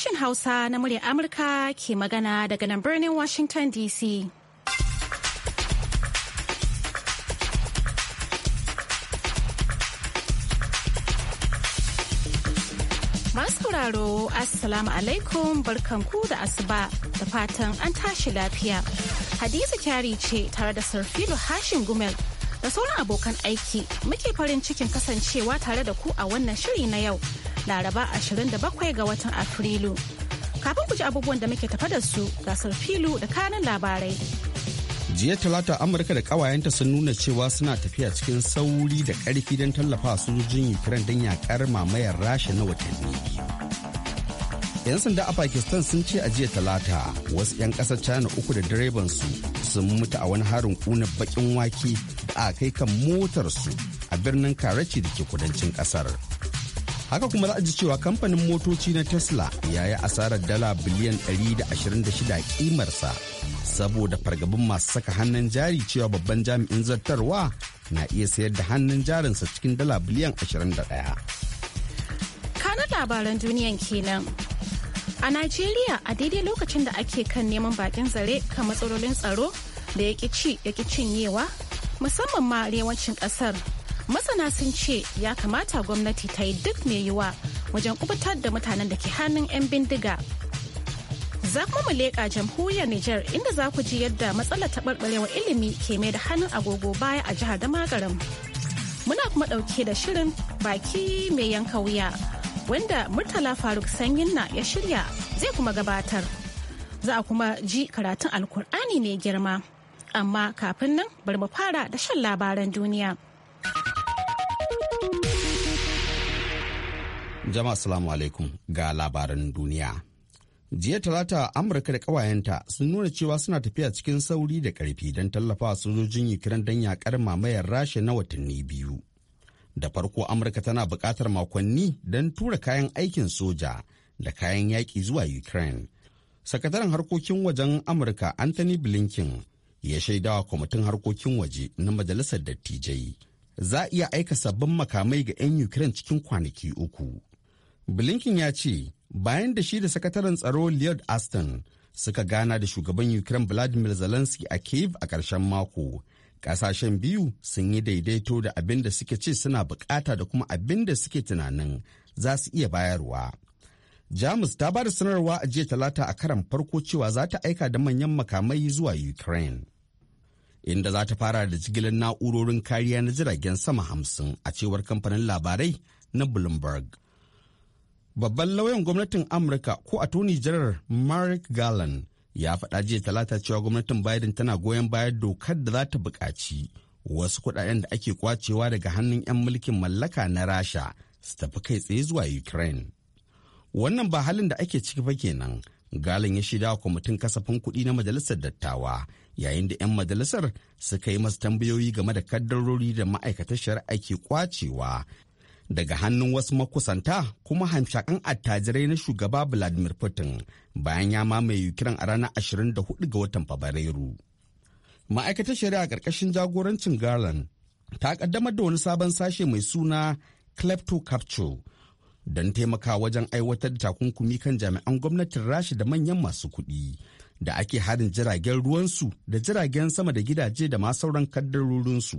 Sashen Hausa na muryar Amurka ke magana daga nan birnin Washington DC. Masu sauraro Assalamu alaikum barkanku da asuba da fatan an tashi lafiya. Hadiza kyari ce tare da Sarfilo Hashim Gumel da sauran abokan aiki muke farin cikin kasancewa tare da ku a wannan shiri na yau. laraba 27 ga watan afrilu kafin ku ji abubuwan da muke tafa da su gasar filu da kanin labarai jiya talata amurka da kawayenta sun nuna cewa suna tafiya cikin sauri da karfi don tallafa sojojin ukraine don yakar mamayar rasha na watanni yan sanda a pakistan sun ce a jiya talata wasu 'yan kasar china uku da direban su sun mutu a wani harin kuna bakin wake da a kai kan motarsu a birnin karachi da ke kudancin kasar haka kuma za a ji cewa kamfanin motoci na tesla ya yi asarar dala biliyan 126 kimarsa saboda fargabin masu saka hannun jari cewa babban jami'in zartarwa na iya sayar da hannun jarinsa cikin dala biliyan 21 kanar labaran duniyan kenan a najeriya a daidai lokacin da ake kan neman bakin zare kan matsalolin tsaro da ya ci cinyewa musamman ma arewacin ƙasar. masana sun ce ya kamata gwamnati ta yi duk mai yiwa wajen kubutar da mutanen da ke hannun 'yan bindiga za kuma mu leƙa jamhuriyar Nijar inda za ku ji yadda matsalar taɓarɓarewar ilimi ke mai da hannun agogo baya a jihar Damagaram. Muna kuma ɗauke da shirin baki mai yanka wuya wanda Murtala Faruk Sanyinna ya shirya zai kuma gabatar. Za a kuma ji karatun Alkur'ani ne girma. Amma kafin nan bari mu fara da shan labaran duniya. Jama'a salamu alaikum ga labaran duniya. Jiya talata Amurka da ƙawayenta sun nuna cewa suna tafiya cikin sauri da ƙarfi don tallafawa sojojin Ukraine don yakar mamayar Rashe na watanni biyu. Da farko Amurka tana buƙatar makonni don tura kayan aikin soja da kayan yaƙi zuwa Ukraine. Sakataren harkokin wajen Amurka Anthony Blinken ya shaidawa kwamitin harkokin waje na Majalisar Dattijai. Za a iya aika sabbin makamai ga 'yan Ukraine cikin kwanaki uku. Blinken ya ce bayan da shi da sakataren tsaro Lloyd Aston suka gana da shugaban Ukraine Vladimir Zelensky a Kiev a ƙarshen mako. Ƙasashen biyu sun yi daidaito da abin da suke ce suna bukata da kuma abin da suke tunanin za su iya bayarwa. Jamus ta ba da sanarwa a jiya talata a karan farko cewa za ta aika da manyan makamai zuwa Ukraine. Inda za ta fara da jigilar na'urorin kariya na jiragen sama hamsin a cewar kamfanin labarai na Bloomberg. babban lauyan gwamnatin amurka ko Tony Jarar mark garland ya faɗa jiya talata cewa gwamnatin biden tana goyon bayan dokar da za ta buƙaci wasu kuɗaɗen da ake kwacewa daga hannun 'yan mulkin mallaka na rasha su tafi kai tsaye zuwa ukraine wannan ba halin da ake ciki ba kenan galin ya shida kwamitin kasafin kuɗi na majalisar dattawa yayin da 'yan majalisar suka yi masu tambayoyi game da kaddarori da ma'aikatar shari'a ke kwacewa daga hannun wasu makusanta kuma hamshakan attajirai na shugaba Vladimir Putin bayan ya mamaye Ukraine a ranar 24 ga watan Fabrairu. Ma'aikatar shari'a ƙarƙashin jagorancin Garland ta ƙaddamar da wani sabon sashe mai suna Klepto Capture don taimaka wajen aiwatar da takunkumi kan jami'an gwamnatin Rasha da manyan masu kuɗi da ake harin jiragen ruwansu da jiragen sama da gidaje da ma sauran kaddarorinsu.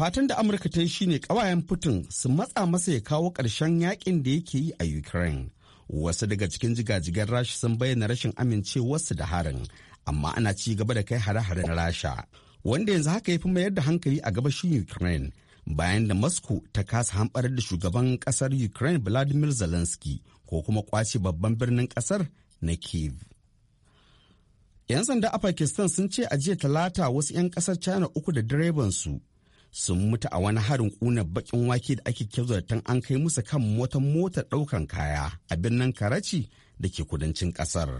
fatan da amurka ta yi shine kawayen putin su matsa masa ya kawo ƙarshen yakin da yake yi a ukraine wasu daga cikin jigajigar rasha sun bayyana rashin amincewarsu da harin amma ana ci gaba da kai hare-hare na rasha wanda yanzu haka ya fi mayar da hankali a gabashin ukraine bayan da moscow ta kasa hamɓarar da shugaban ƙasar ukraine vladimir zelensky ko kuma kwace babban birnin ƙasar na kiev 'yan sanda a pakistan sun ce a jiya talata wasu 'yan kasar china uku da direban su sun mutu a wani harin kuna bakin wake da ake kyautar an kai musu kan wata motar daukan kaya a birnin karachi da ke kudancin kasar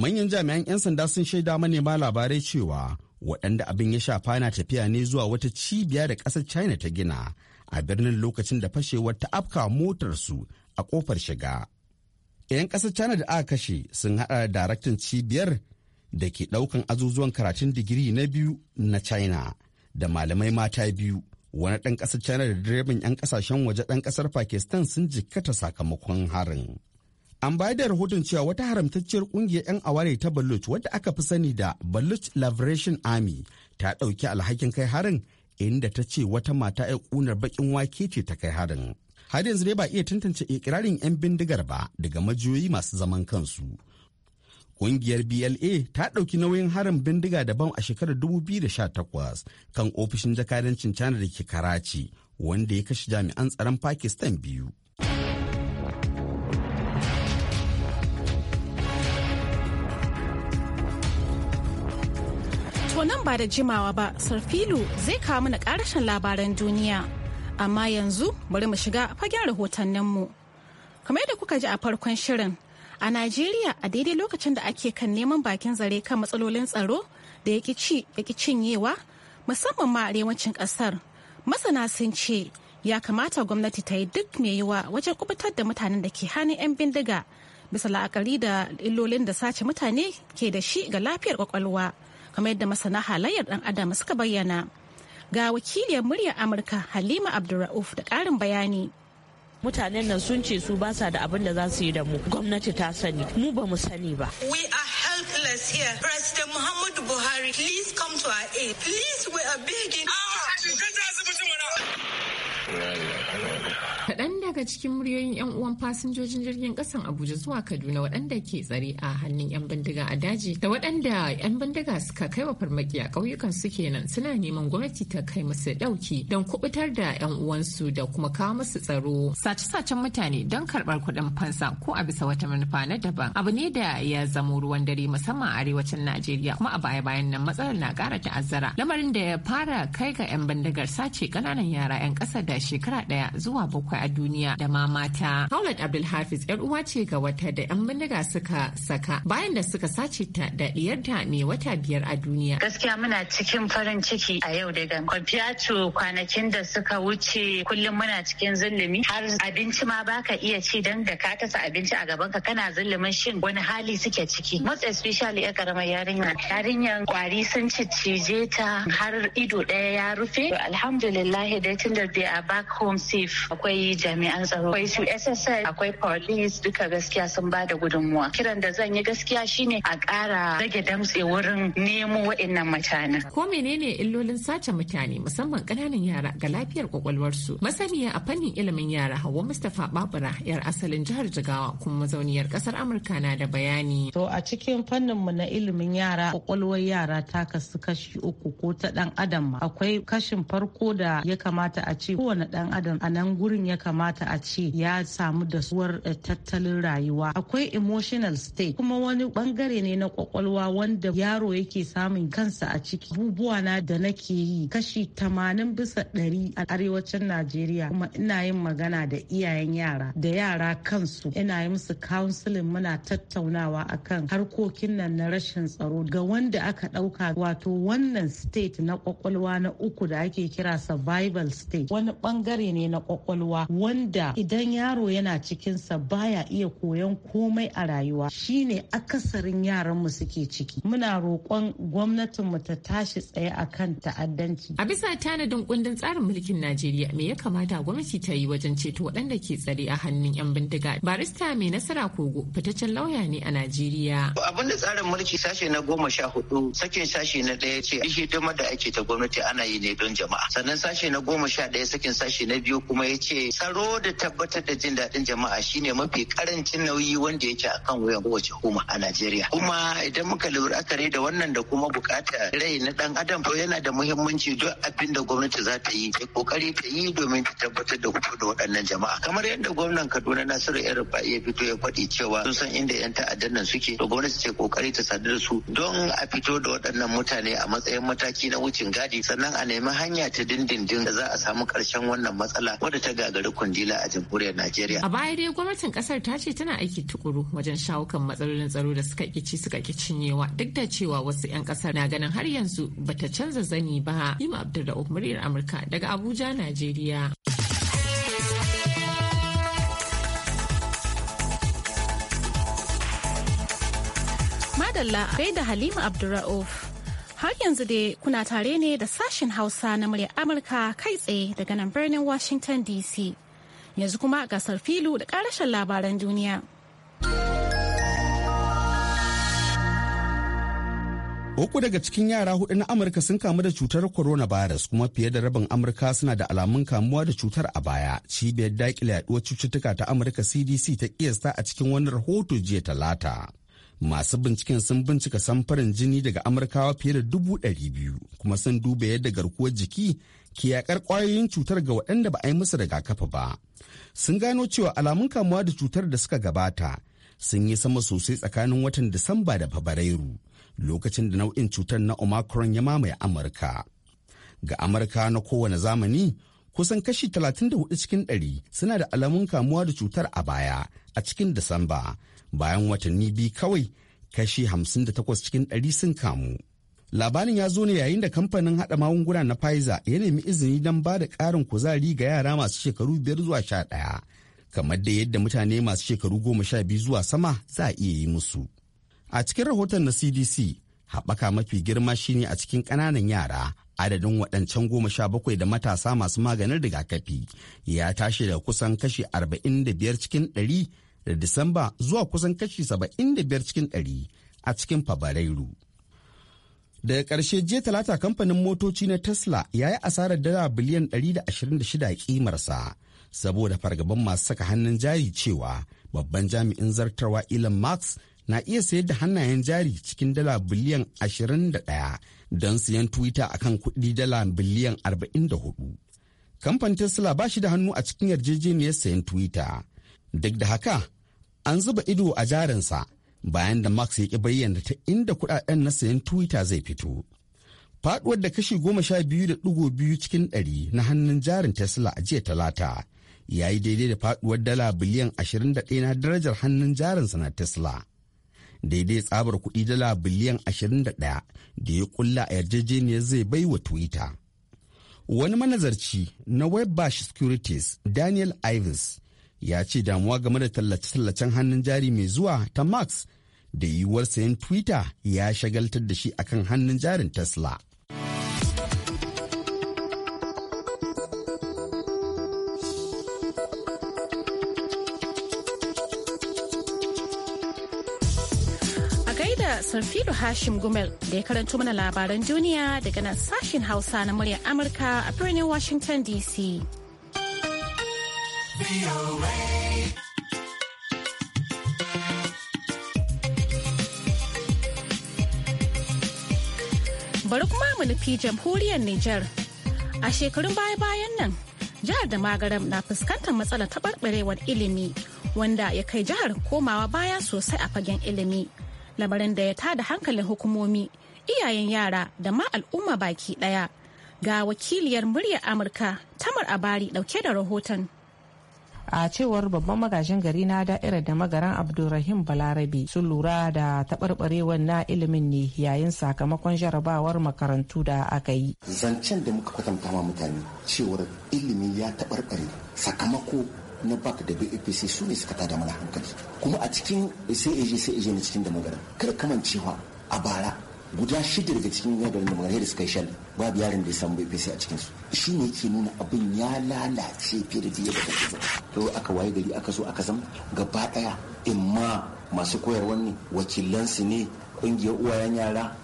manyan jami'an 'yan sanda sun shaida manema labarai cewa waɗanda abin ya shafa na tafiya ne zuwa wata cibiya da ƙasar china ta gina a birnin lokacin da fashewar ta afka motar su a ƙofar shiga 'yan ƙasar china da aka kashe sun haɗa daraktan cibiyar da ke ɗaukan azuzuwan karatun digiri na biyu na china da malamai mata biyu wani ɗan ƙasar china da direban 'yan ƙasashen waje ɗan ƙasar pakistan sun jikkata sakamakon harin an bayar da rahoton cewa wata haramtacciyar ƙungiyar 'yan aware ta baluch wadda aka fi sani da baluch liberation army ta ɗauki alhakin kai harin inda ta ce wata mata 'yan ƙunar baƙin wake ce ta kai harin har yanzu dai ba iya tantance ikirarin 'yan bindigar ba daga majiyoyi masu zaman kansu Ƙungiyar BLA ta ɗauki nauyin harin bindiga daban a shekarar 2018 kan ofishin jakadancin China da ke Karachi wanda ya kashe jami'an tsaron Pakistan biyu. To nan ba da jimawa ba, Sarfilu zai kawo mana ƙarashin labaran duniya. Amma yanzu bari mu shiga fagen mu Kamar yadda kuka ji a farkon shirin, A Najeriya a daidai lokacin da ake kan neman bakin zare kan matsalolin tsaro da ya ci cinyewa musamman ma arewacin ƙasar. Masana sun ce ya kamata gwamnati ta yi duk mai yiwa wajen kubutar da mutanen da ke hannun 'yan bindiga bisa la'akari da illolin da sace mutane ke da shi ga lafiyar kwakwalwa kamar yadda masana halayyar dan adam suka bayyana. Ga wakiliyar muryar Amurka Halima Abdulra'uf da ƙarin bayani. mutanen nan sun ce su basa da abin da za su yi da mu gwamnati ta sani mu ba mu sani ba we are helpless here president muhammadu buhari please come to our aid please we are begging daga cikin muryoyin 'yan uwan fasinjojin jirgin kasan Abuja zuwa Kaduna waɗanda ke tsare a hannun 'yan bindiga a daji da waɗanda 'yan bindiga suka kai wa farmaki a ƙauyukan su kenan suna neman gwamnati ta kai musu ɗauki don kubutar da 'yan uwansu da kuma kawo musu tsaro. Sace-sacen mutane don karɓar kuɗin fansa ko a bisa wata manufa na daban abu ne da ya zamo ruwan dare musamman a arewacin Najeriya kuma a baya-bayan nan matsalar na ƙara ta'azzara lamarin da ya fara kai ga 'yan bindigar sace ƙananan yara 'yan ƙasa da shekara ɗaya zuwa bakwai a duniya duniya da ma mata. Haulat Abdulhafiz yar uwa ce ga wata da 'yan bindiga suka saka bayan da suka sace ta da ɗiyarta mai wata biyar a duniya. Gaskiya muna cikin farin ciki a yau da gan. Kwafiyatu kwanakin da suka wuce kullum muna cikin zulumi har abinci ma baka iya ci don da ka tasa abinci a gaban ka? kana zulumin shin wani hali suke ciki. Most especially ya karamar yarinya. Yarinyar kwari sun cicije ta har ido ɗaya ya rufe. Alhamdulillah dai tun da they are back home safe akwai jami'an jami'an tsaro akwai su SSS akwai police duka gaskiya sun ba da gudunmuwa kiran da zan yi gaskiya shine a ƙara rage damtse wurin nemo waɗannan mutane. ko menene illolin sace mutane musamman ƙananan yara ga lafiyar su? masaniya a fannin ilimin yara Hauwa Mustapha Babura yar asalin jihar Jigawa kuma mazauniyar ƙasar Amurka na da bayani to a cikin fannin mu na ilimin yara kwakwalwar yara ta kasu kashi uku ko ta ɗan adam akwai kashin farko da ya kamata a ce kowane ɗan adam a nan gurin ya kamata a ce ya samu da dasuwar eh, tattalin rayuwa akwai emotional state kuma wani bangare ne na kwakwalwa wanda yaro yake samun kansa a ciki abubuwa na da nake yi kashi tamanin bisa ɗari a arewacin najeriya kuma ina yin magana da iyayen yara da yara kansu ina yi musu counseling muna tattaunawa akan harkokin nan na rashin tsaro ga wanda aka ɗauka wato wannan state na kwakwalwa na uku da ake kira survival state wani bangare ne na kwakwalwa wanda da idan yaro yana cikinsa baya iya koyon komai a rayuwa shine akasarin yaranmu suke ciki muna roƙon gwamnatinmu ta tashi tsaye a kan ta'addanci a bisa tanadin kundin tsarin mulkin najeriya me ya kamata gwamnati ta yi wajen ceto waɗanda ke tsare a hannun 'yan bindiga barista mai nasara kogo fitaccen lauya ne a najeriya abin da tsarin mulki sashe na goma sha hudu sakin sashe na ɗaya ce hidima da ake ta gwamnati ana yi ne don jama'a sannan sashe na goma sha ɗaya sakin sashe na biyu kuma ya ce tsaro da da tabbatar da jin daɗin jama'a shine mafi karancin nauyi wanda yake a kan wuyan kowace hukuma a Najeriya. Kuma idan muka lura akare da wannan da kuma bukata rai na dan adam to yana da muhimmanci duk abin da gwamnati za ta yi ta kokari ta yi domin ta tabbatar da hutu da waɗannan jama'a. Kamar yadda gwamnan Kaduna Nasiru rufa ya fito ya faɗi cewa sun san inda 'yan ta'addan nan suke to gwamnati ce kokari ta sadu da su don a fito da waɗannan mutane a matsayin mataki na wucin gadi sannan a nemi hanya ta dindindin da za a samu karshen wannan matsala wadda ta gagari kundila a jamhuriyar Najeriya. A baya dai gwamnatin kasar ta ce tana aiki tukuru wajen shawo kan matsalolin tsaro da suka kici suka ki cinyewa duk da cewa wasu 'yan kasar na ganin har yanzu ba ta canza zani ba. Ima Abdulrahman muryar Amurka daga Abuja, Najeriya. Madalla kai da Halima Abdulra'uf. Har yanzu dai kuna tare ne da sashen Hausa na murya Amurka kai tsaye daga nan birnin Washington DC. yanzu kuma gasar filu da karashen labaran duniya. Uku daga cikin yara hudu na Amurka sun kamu da cutar coronavirus kuma fiye da rabin Amurka suna da alamun kamuwa da cutar a baya. Cibiyar daƙile yaduwar cututtuka ta Amurka CDC ta kiyasta a cikin wani rahoto jiya talata. Masu binciken sun bincika samfarin jini daga Amurkawa fiye da dubu ɗari biyu kuma sun duba yadda garkuwar jiki ke yakar kwayoyin cutar ga waɗanda ba a yi musu rigakafi ba sun gano cewa alamun kamuwa da cutar da suka gabata sun yi sama sosai tsakanin watan disamba da fabrairu lokacin da nau'in cutar na omicron ya mamaye amurka ga amurka na kowane zamani kusan kashi 34 cikin 100 suna da alamun kamuwa da cutar a baya a cikin disamba bayan watanni biyu kawai kashi 58 cikin 100 sun kamu Labarin ya zo ne yayin da kamfanin haɗa magunguna na Pfizer ya nemi izini don ba da ƙarin kuzari ga yara masu shekaru biyar zuwa sha ɗaya, kamar da yadda mutane masu shekaru goma sha biyu zuwa sama za a iya yi musu. A cikin rahoton na CDC, haɓaka mafi girma shine a cikin ƙananan yara adadin waɗancan goma sha bakwai da matasa masu maganin rigakafi ya tashi daga kusan kashi arba'in da biyar cikin ɗari da Disamba zuwa kusan kashi saba'in da biyar cikin ɗari a cikin Fabrairu. Daga ƙarshe jiya talata kamfanin motoci na Tesla ya yi asarar dala biliyan 126 a kimarsa saboda fargaban masu saka hannun jari cewa babban jami'in zartarwa Elon Musk na iya sayar da hannayen jari cikin dala biliyan 21 don siyan Twitter akan kuɗi dala biliyan 44. Kamfanin Tesla ba shi da hannu a cikin yarjejeniyar sayan Twitter. Duk da haka, an zuba ido a jarinsa bayan da Max ya ki bayyana ta inda kudaden na sayan Twitter zai fito. faɗuwar da kashi goma sha biyu da ɗigo biyu cikin ɗari na hannun jarin Tesla a jiya talata ya yi daidai da faɗuwar dala biliyan ashirin da ɗaya na darajar hannun jarinsa na Tesla. daidai tsabar kuɗi dala biliyan ashirin da ɗaya da ya kulla a yarjejeniyar zai bai wa Twitter. Wani manazarci na web Bash Securities Daniel Ives ya ce damuwa game da tallace-tallacen hannun jari mai zuwa ta max da yiwuwar sayan twitter ya shagaltar da shi akan hannun jarin tesla Sarfilu Hashim Gumel da ya karanto mana labaran duniya daga nan sashen Hausa na muryar Amurka a birnin Washington DC. Bari kuma mu nufi jamhuriyar Nijar. A shekarun baya-bayan nan, jihar da magaram na fuskantar matsalar taɓarɓarewar ilimi wanda ya kai jihar komawa baya sosai a fagen ilimi. Lamarin da ya tada hankalin hukumomi, iyayen yara da ma al'umma baki ɗaya. Ga wakiliyar muryar Amurka, Tamar Abari ɗauke da rahoton. a cewar babban magajin gari na da'irar da magaran abdulrahim balarabi sun lura da taɓarɓarewar na ilimin ne yayin sakamakon jarabawar makarantu da aka yi zancen da muka kwatanta ma mutane cewar ilimi ya taɓarɓare sakamako na bak da bapc su ne suka tada mana hankali kuma a cikin sai eje sai na cikin da magaran kada kamancewa a bara guda shida daga cikin yadda da magana da suka yi shal babu yaron da ya samu bai a cikin su shi ne ke nuna abin ya lalace fiye da jiya da to aka waye gari aka so aka zama gaba daya imma masu koyarwa ne wakilan su ne kungiyar uwayen yara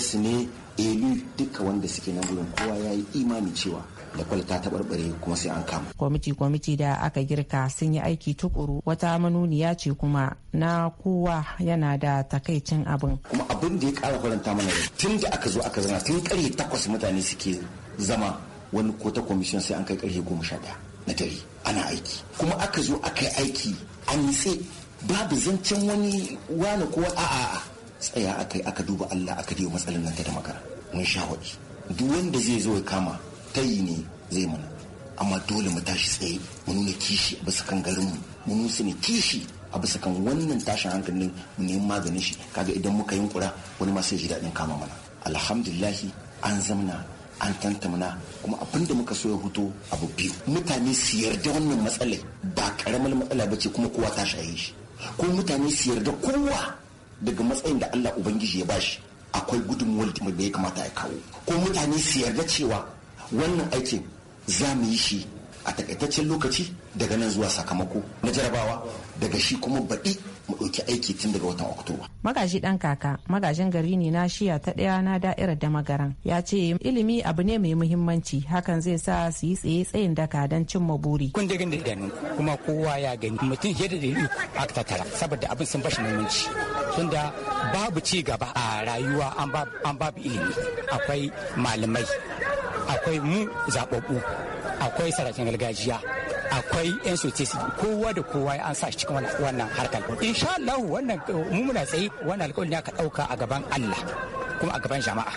su ne elu duka wanda suke nan gurin kowa ya yi imani cewa da kwal ta taɓarɓare kuma sai an kama. kwamiti kwamiti da aka girka sun yi aiki tukuru wata manuniya ce kuma na kowa yana da takaicin abin. kuma abin da ya ƙara kwaranta mana da tun da aka zo aka zana tun ƙarfe takwas mutane suke zama wani kota kwamishin sai an kai ƙarfe goma sha ɗaya na dare ana aiki kuma aka zo aka yi aiki anitse nitse babu zancen wani wani ko a'a tsaya aka yi aka duba Allah aka diyo matsalar nan ta da makara mun sha waɗi duk wanda zai zo ya kama tayi ne zai mana amma dole mu tashi tsaye mu nuna kishi a bisa kan garin mu nusu ne kishi a bisa kan wannan tashin hankalin mu neman maganin shi kaga idan muka yi kura wani ma sai ji daɗin kama mana alhamdulillahi an zamna an tantamna kuma abin da muka so ya huto abu biyu mutane su yarda wannan matsalai ba karamar matsala ba ce kuma kowa ta shaye shi ko mutane su yarda kowa daga matsayin da Allah Ubangiji ya bashi akwai gudunmuwar da ya kamata ya kawo ko mutane su yarda cewa wannan aikin za mu yi shi a takaitaccen lokaci daga nan zuwa sakamako na jarabawa daga shi kuma baɗi mu ɗauki aiki tun daga watan oktoba. magaji ɗan kaka magajin gari ne na shiya ta ɗaya na da'irar da magaran ya ce ilimi abu ne mai muhimmanci hakan zai sa su yi tsaye tsayin daka don cimma buri. kun dai gani idanun kuma kowa ya gani mutum yadda da yi a tattara saboda abin sun bashi muhimmanci tunda babu ci gaba a rayuwa an babu ilimi akwai malamai akwai mu zaɓaɓɓu akwai sarakin gargajiya akwai 'yan sotesi kowa da kowa an sa shi cikin wannan harkar insha Allah wannan mu muna tsaye wannan alƙawari ne aka ɗauka a gaban Allah kuma a gaban jama'a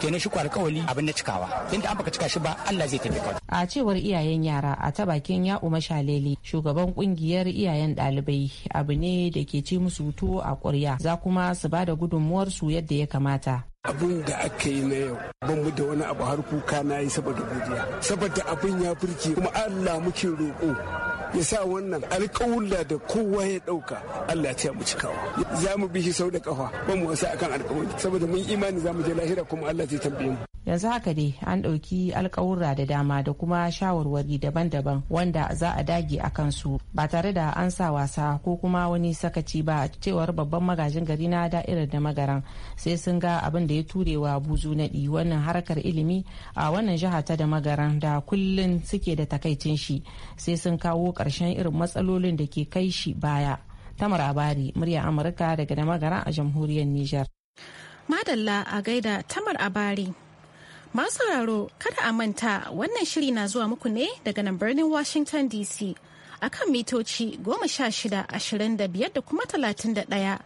kenan shi ku alƙawari abin na cikawa inda an baka cika shi ba Allah zai tafi kawai a cewar iyayen yara a ta bakin ya umma shaleli shugaban kungiyar iyayen ɗalibai abu ne da ke ci musu tuwo a ƙurya za kuma su ba da gudunmuwar su yadda ya kamata abin da aka yi na yau ban mu da wani abu har kuka na yi saboda godiya saboda abin ya burke kuma allah muke roƙo ya sa wannan alƙawulla da kowa ya ɗauka allah ta mu cikawa za mu bi shi sau da ƙafa ban mu wasa akan alƙawari saboda mun imani za mu je lahira kuma allah zai tambaye mu yanzu haka dai an ɗauki alkawura da dama da kuma shawarwari daban-daban wanda za a dage a kansu ba tare da an sa wasa ko kuma wani sakaci ba cewar babban magajin gari na da'irar da magaran sai sun ga abin da ya turewa buzu naɗi wannan harkar ilimi a wannan jiha ta da magaran da kullum suke da takaicin shi sai sun kawo ƙarshen irin matsalolin da ke kai shi baya tamar abari murya amurka daga da magaran a jamhuriyar niger madalla a gaida tamar abari Masu sauraro kada a manta wannan shiri na zuwa muku ne daga nan birnin Washington DC akan mitoci goma sha shida ashirin da biyar da kuma talatin da ɗaya.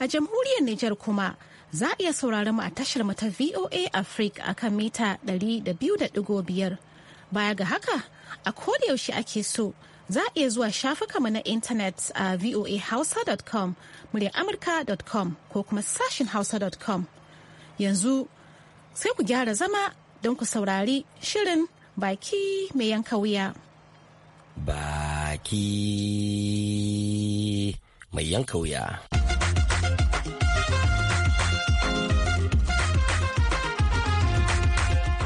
A jamhuriyar Nijar kuma za a iya saurari mu a tashar mu ta VOA Africa akan mita ɗari da biyu da ɗigo biyar. Baya ga haka a yaushe ake so za a iya zuwa mu na intanet a voahausa.com, muryar amurka.com ko kuma sashin hausa.com. Yanzu sai ku gyara zama don ku saurari shirin baki mai yanka wuya. Baki mai yanka wuya.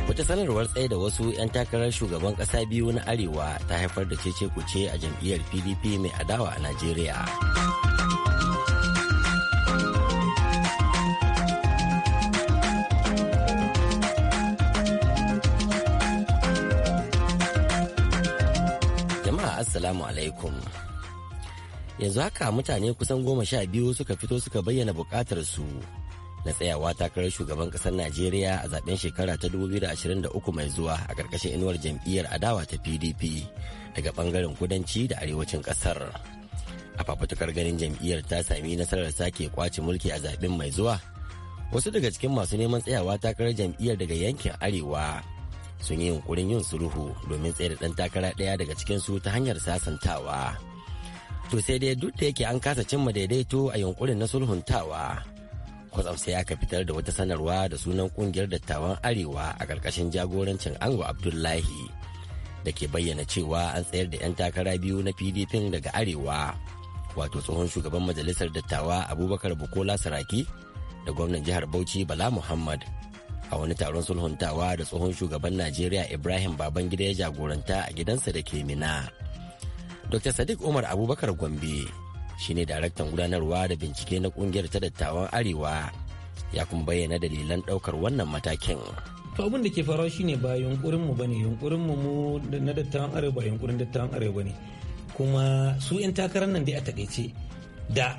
Wata sanarwar tsaye da wasu 'yan takarar shugaban ƙasa biyu na Arewa ta haifar da cece kuce a jam'iyyar PDP mai adawa a Najeriya. assalamu alaikum yanzu haka mutane kusan goma sha biyu suka fito suka bayyana bukatar su na tsayawa takarar shugaban kasar najeriya a zaben shekara ta 2023 mai zuwa a karkashin inuwar jam'iyyar adawa ta pdp daga bangaren kudanci da arewacin kasar a fafutukar ganin jam'iyyar ta sami nasarar sake kwace mulki a zaben mai zuwa wasu daga cikin masu neman tsayawa takarar jam'iyyar daga yankin arewa sun yi yunkurin yin sulhu domin tsaye da ɗan takara ɗaya daga cikinsu ta hanyar sasantawa. To sai dai duk da yake an kasa cimma daidaito a yunkurin na sulhuntawa. Kwatsam sai aka fitar da wata sanarwa da sunan kungiyar dattawan Arewa a ƙarƙashin jagorancin Ango Abdullahi da ke bayyana cewa an tsayar da 'yan takara biyu na PDP daga Arewa. Wato tsohon shugaban majalisar dattawa Abubakar Bukola Saraki da gwamnan jihar Bauchi Bala Muhammad a wani taron sulhuntawa da tsohon shugaban najeriya ibrahim babangida ya jagoranta a gidansa da ke mina dr sadiq umar abubakar gombe shine daraktan gudanarwa da bincike na kungiyar ta dattawan arewa ya kuma bayyana dalilan daukar wannan matakin abin da ke fara shine ba yunkurin mu bane yunkurin mu mu na dattawan arewa yunkurin dattawan arewa ne kuma su yan takarar nan dai a takaice da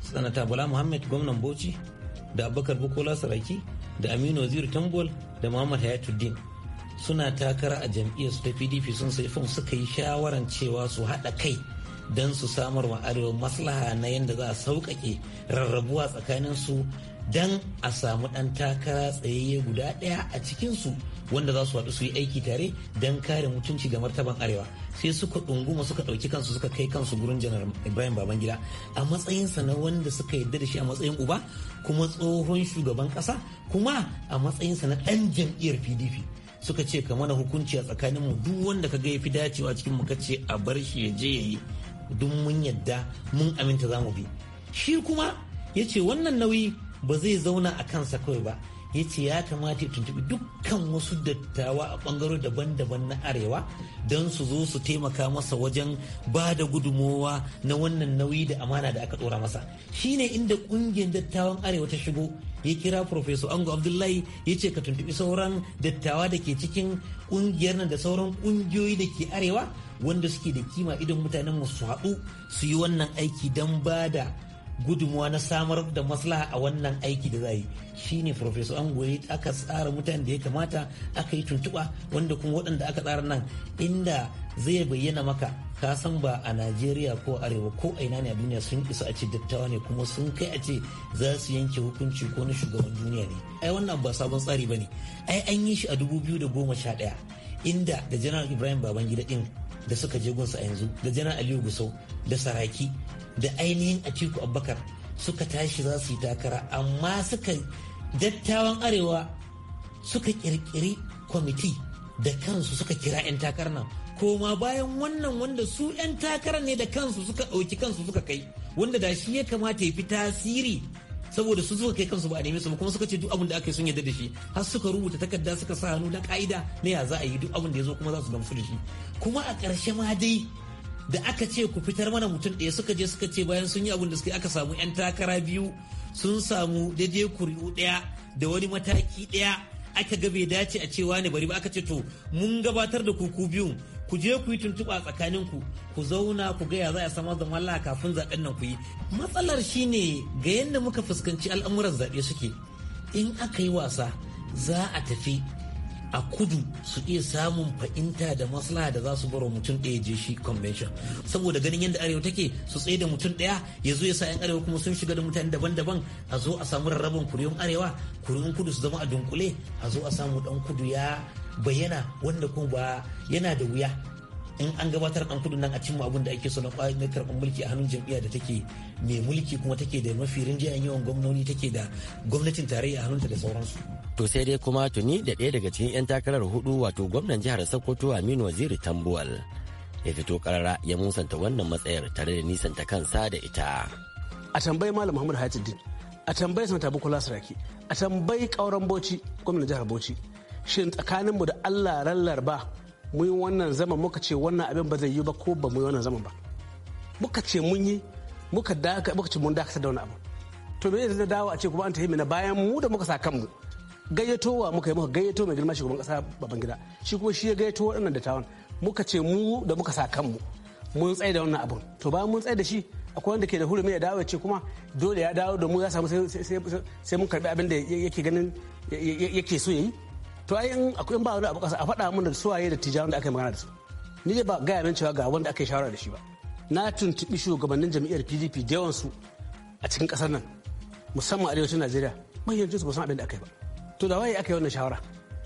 sanata bala muhammad gwamnan bauchi da abubakar bukola saraki da aminu waziri tambol da muhammad hayatuddin suna takara a jam'iyyar su ta pdp sun sai fom suka yi shawaran cewa su haɗa kai don su samar wa arewa maslaha na yadda za a sauƙaƙe rarrabuwa tsakanin su don a samu ɗan takara tsayayye guda ɗaya a cikin su. wanda za su haɗu su yi aiki tare don kare mutunci ga martaban arewa sai suka ɗunguma suka ɗauki kansu suka kai kansu gurin janar ibrahim babangida a matsayinsa na wanda suka yarda da shi a matsayin uba kuma tsohon shugaban ƙasa kuma a matsayinsa na ɗan jam'iyyar pdp suka ce ka mana hukunci a tsakanin mu duk wanda ka ga ya fi dacewa cikin mu kace a bar shi ya je ya yi duk mun yadda mun aminta za mu bi shi kuma ya ce wannan nauyi ba zai zauna a kansa kawai ba ya ce ya kamata ya tuntubi dukkan wasu dattawa a bangaro daban-daban na arewa don su zo su taimaka masa wajen ba da gudummawa na wannan nauyi da amana da aka dora masa shine inda kungiyar dattawan arewa ta shigo ya kira Profesor Ango Abdullahi ya ce ka tuntubi sauran dattawa da ke cikin kungiyar nan da sauran kungiyoyi da ke arewa wanda suke da kima idan mutanen su haɗu su yi wannan aiki don ba da gudunmuwa na samar da maslaha a wannan aiki da za shi ne professor angoli aka tsara mutane da ya kamata aka yi tuntuba wanda kuma waɗanda aka tsara nan inda zai bayyana maka ka san ba a najeriya ko arewa ko a ina ne a duniya sun isa a ce dattawa ne kuma sun kai a ce za su yanke hukunci ko na shugaban duniya ne ai wannan ba sabon tsari ba ne ai an yi shi a dubu biyu da goma sha 2011 inda da janar ibrahim babangida din da suka je gunsa a yanzu da janar aliyu gusau da saraki da ainihin atiku abubakar suka tashi za su yi takara amma suka dattawan arewa suka kirkiri kwamiti da kansu suka kira 'yan takarar nan koma bayan wannan wanda su 'yan takarar ne da kansu suka ɗauki kansu suka kai wanda da shi ya kamata ya fi tasiri saboda su suka kai kansu ba a neme su ba kuma suka ce duk abin da aka yi sun yarda da shi har suka rubuta takarda suka sa hannu na ka'ida na ya za a yi duk abin da ya zo kuma za su gamsu da shi kuma a ƙarshe ma dai da aka ce ku fitar mana mutum ɗaya suka je suka ce bayan sun yi abin da suka aka samu 'yan takara biyu sun samu daidai kuri'u ɗaya da wani mataki ɗaya aka ga bai dace a cewa ne bari ba aka ce to mun gabatar da kuku biyun ku je ku yi tuntuɓa tsakanin ku ku zauna ku gaya za a samar da mallaka kafin zaɓen nan ku yi matsalar shine ga yadda muka fuskanci al'amuran zaɓe suke in aka yi wasa za a tafi a kudu su iya samun fahimta da maslaha da za su baro mutum ɗaya je shi convention saboda ganin yadda arewa take su tsaye da mutum ɗaya ya zo ya sa 'yan arewa kuma sun shiga da mutane daban-daban a zo a samu rarrabin kuriyun arewa kuriyun kudu su zama a dunkule a zo a samu ɗan kudu ya bayyana wanda kuma ba yana da wuya in an gabatar an kudin nan a cimma abin da ake so na karɓar mulki a hannun jam'iyya da take mai mulki kuma take da mafi rinjayen yawan gwamnoni take da gwamnatin tarayya a hannunta da sauransu. To sai dai kuma tuni da ɗaya daga cikin 'yan takarar hudu wato gwamnan jihar Sokoto Aminu Waziri Tambuwal ya fito karara ya musanta wannan matsayar tare da nisanta kansa da ita. A tambayi Malam Muhammad hajji a tambayi Sanata Bukola Saraki, a tambayi Kauran Bauchi, gwamnan jihar Bauchi, shin tsakaninmu da allah rallar ba mun yi wannan zama muka ce wannan abin ba zai yi ba ko ba mu yi wannan zama ba muka ce mun yi muka daka muka ce mun dakata da wani abu to me zai dawo a ce kuma an tafi na bayan mu da muka sa kanmu gayyatowa muka yi muka gayyato mai girma shugaban kasa baban gida shi kuma shi ya gayyato waɗannan dattawan muka ce mu da muka sa kanmu mun tsaye da wannan abun to bayan mun tsaye da shi akwai wanda ke da hurumi ya dawo ya ce kuma dole ya dawo da mu ya samu sai mun karbi abin da yake ganin yake so ya yi. to ai in akwai ba wani abu kasa a faɗa mana da suwaye da tijawan da aka yi magana da su ni dai ba gaya min cewa ga wanda aka yi shawara da shi ba na tuntuɓi shugabannin jam'iyyar pdp da yawansu a cikin ƙasar nan musamman arewacin najeriya manyan su ba san abin da aka yi ba to da waye aka yi wannan shawara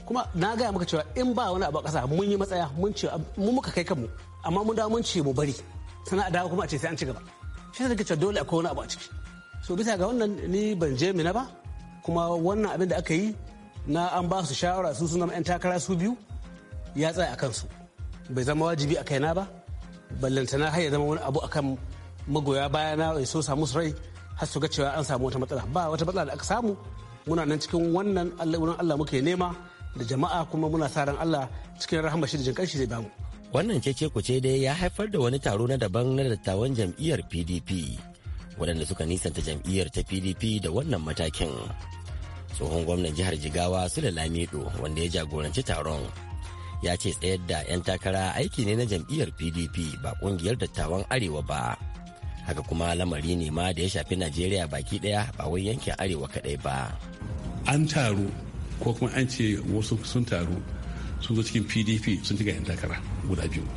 kuma na gaya maka cewa in ba wani abu a ƙasa mun yi matsaya mun ce mun muka kai kanmu amma mun dawo mun ce mu bari sana a dawo kuma a ce sai an ci gaba shi ne cewa dole akwai wani abu a ciki so bisa ga wannan ni ban je mina ba kuma wannan abin da aka yi na an ba su shawara su suna 'yan takara su biyu ya tsaya a kansu bai zama wajibi a kaina ba ballantana har ya zama wani abu akan magoya baya na ya so samu rai har su ga cewa an samu wata matsala ba wata matsala da aka samu muna nan cikin wannan wurin Allah muke nema da jama'a kuma muna sa ran Allah cikin rahama shi da jinkan shi zai bamu wannan keke kuce dai ya haifar da wani taro na daban na dattawan jam'iyyar PDP waɗanda suka nisanta jam'iyyar ta PDP da wannan matakin tsohon gwamnan jihar jigawa sule lamido wanda ya jagoranci taron ya ce tsayar da 'yan takara aiki ne na jam'iyyar pdp ba kungiyar dattawan arewa ba haka kuma lamari ne ma da ya shafi najeriya baki daya ba wai yankin arewa kadai ba an taru ko kuma an ce wasu sun taru sun zo cikin pdp sun cika 'yan takara guda biyu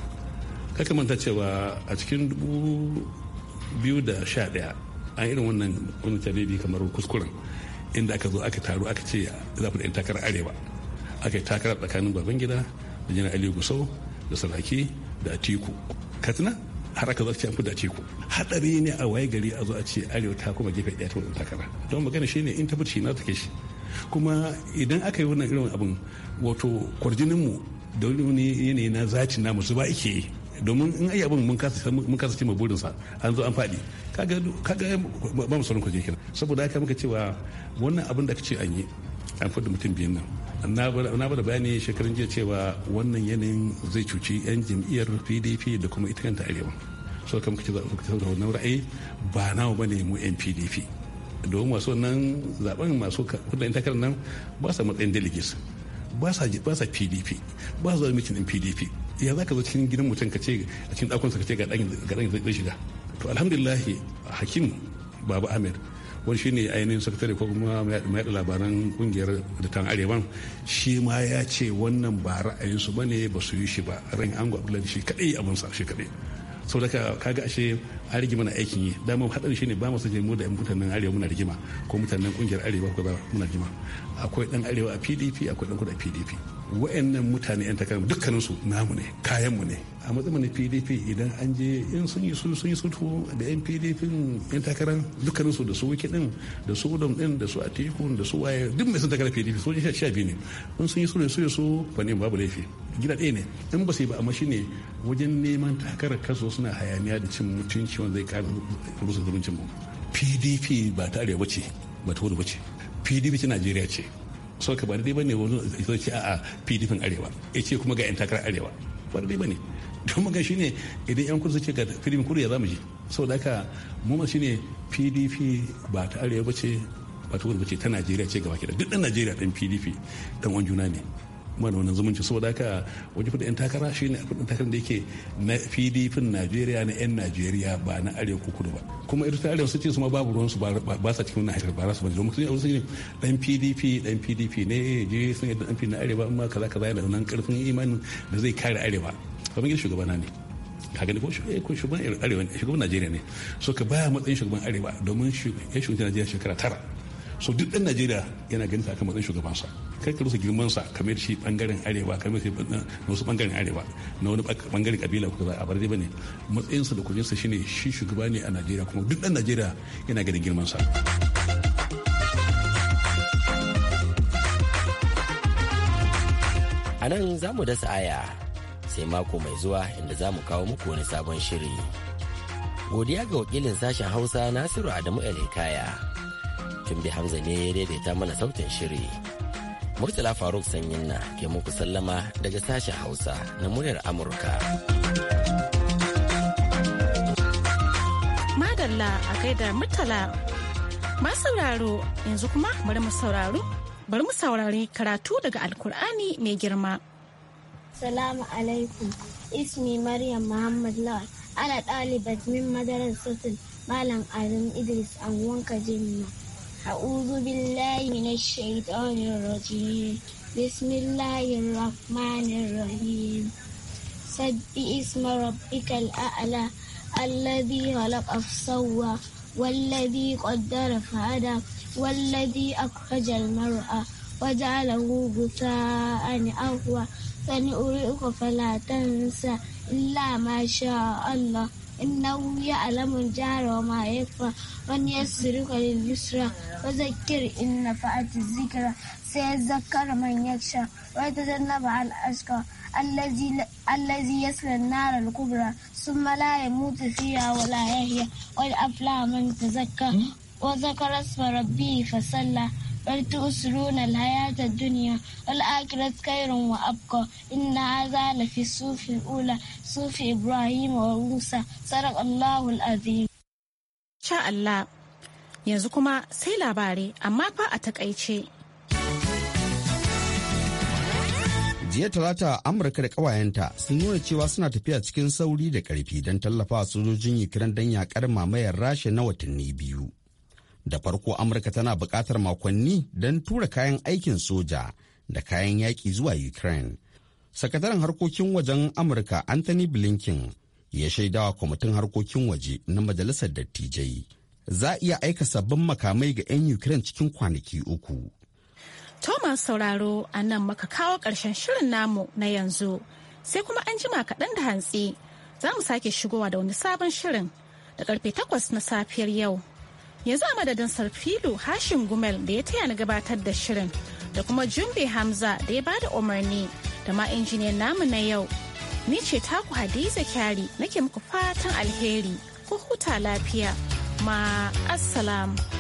kaka manta cewa a cikin 2011 an irin wannan gwamnati kamar kuskuren inda aka zo aka taru aka ce za mu da 'yan takarar arewa aka yi takarar tsakanin babangida da jana aliyu guso da saraki da atiku katsina har aka zarce an fi atiku hadari ne a waye gari a zo a ce arewa ta kuma gefe ɗaya ta wani takara don magana shi ne in ta fice na take shi kuma idan aka yi wannan irin abin wato kwarjininmu da wani yanayi na zaci na musu ba ike yi domin in ayi abin mun kasa cimma burinsa an zo an faɗi kaga kaga ba mu sauran kwanke kenan saboda haka muka cewa wannan abin da kace an yi an faɗi mutum biyan nan na bada bayani shekarun jiya cewa wannan yanayin zai cuci 'yan jam'iyyar pdp da kuma ita kanta arewa so kam kace za ku da wannan ra'ayi ba nawa bane mu 'yan pdp domin masu wannan zaben masu kudin takarar nan ba sa matsayin delegates ba sa pdp ba sa zama cikin pdp ya zaka zo cikin gidan mutum ka ce a cikin sa ka ce ga dan zai shiga to alhamdulillahi hakim baba ahmed wani shine ainihin sakatare ko kuma mai yaɗa labaran kungiyar ta arewan shi ma ya ce wannan ba ra'ayinsu ba ne ba su yi shi ba ran ango abdullahi shi kaɗai sa shi kaɗai sau ka kaga ashe a rigi mana aikin yi dama haɗari shine ba mu sanje mu da yan mutanen arewa muna rigima ko mutanen kungiyar arewa ko muna rigima akwai dan arewa a pdp akwai ɗan kudu a pdp wa'annan mutane 'yan takarmu dukkaninsu namu ne kayanmu ne a matsayin na pdp idan an je in sun yi sun yi sutu da yan pdp yan takarar dukkanin su da su wiki din da su udom din da su atiku da su waye duk mai sun takarar pdp sun yi sha biyu ne in sun yi su yi su su ne babu laifi gida ɗaya ne in ba su yi ba amma shine wajen neman takarar kaso suna hayaniya da cin mutunci wanda zai kare rusa zumuncin mu pdp ba ta arewa ce ba ta wuri ba ce pdp ce najeriya ce so ka bari dai bane wani zo ce a PDP arewa ya ce kuma ga yan takarar arewa bari dai bane don maka shine idan yan kudu suke ga PDP kudu ya zamu ji saboda haka mu ma shine PDP ba ta arewa ce ba ta kudu ce ta Najeriya ce gaba ki duk dan Najeriya dan PDP dan wani juna ne muna da zumunci saboda haka wajen fudin takara ne a fudin takara da yake na pdp najeriya na yan najeriya ba na arewa ko kudu ba kuma ita arewa sun ce su ma babu ruwansu ba sa cikin wani haifar ba su ba don mutum yawon sun ne dan pdp dan pdp ne je sun yi dan pdp na arewa amma kaza kaza yana da nan karfin imanin da zai kare arewa kamar yadda shugabana ne ka gani ko eh, shugaban arewa shugaban najeriya ne so ka baya matsayin shugaban arewa domin ya shugaban najeriya shekara tara so duk ɗan najeriya yana ganin ta kamar sa kai ka rusa sa kamar shi bangaren arewa kamar shi na wasu bangaren arewa na wani bangaren kabila ko za a bar dai bane sa da sa shine shi shugaba ne a najeriya kuma duk ɗan najeriya yana ganin sa. A nan za mu dasa aya sai mako mai zuwa inda za mu kawo muku wani sabon shiri. Godiya ga wakilin sashen Hausa Nasiru Adamu El Hikaya. bi Hamza ne ya daidaita mana sautin shiri. Murtala Faruk Sanyin na ke muku sallama daga sashen Hausa na muryar Amurka. Madalla a da Murtala. Ma sauraro yanzu kuma bari mu sauraro bari mu saurari karatu daga Alkur'ani mai girma. Salamu alaikum. Ismi Maryam Muhammad Lawal. Ana ɗalibat min sautin Malam Adam Idris Anguwan Kajimma. أعوذ بالله من الشيطان الرجيم بسم الله الرحمن الرحيم سبح اسم ربك الأعلى الذي خلق فسوى والذي قدر فهدى والذي أخرج المرأة وجعله غثاء أهوى سنؤرئك فلا تنسى إلا ما شاء الله إنه يعلم الجهر وما يخفى وليسرك لليسرى وذكر إن نفعت الذكرى سيذكر من يخشى ويتجنب على الأشقى الذي الذي يصلى النار الكبرى ثم لا يموت فيها ولا يحيى والأفلام من تزكى وذكر اسم ربه فصلى بل تؤثرون duniya الدنيا والآخرة inna وأبقى إن هذا لفي الصوف الأولى صوف إبراهيم وموسى صدق الله العظيم sha Allah yanzu kuma sai labarai amma fa a takaice. jiya talata amurka da kawayenta sun nuna cewa suna tafiya cikin sauri da karfi don tallafa sojojin ukraine don yakar mamayar rasha na watanni biyu da farko amurka tana bukatar makonni don tura kayan aikin soja da kayan yaƙi zuwa ukraine sakataren harkokin wajen amurka anthony blinken ya shaidawa kwamitin harkokin waje na majalisar dattijai za a iya aika sabbin makamai ga 'yan ukraine cikin kwanaki uku thomas sauraro a nan maka kawo ƙarshen shirin namu na yanzu sai kuma an jima kaɗan da hantsi za mu sake shigowa da wani sabon shirin da karfe takwas na safiyar yau yanzu a madadin sarfilu hashin gumel da ya taya na gabatar da shirin da kuma jumbe hamza da ya bada umarni da ma injiniyan namu na yau ni ce taku hadiza kyari nake muku fatan alheri ku huta lafiya ma assalamu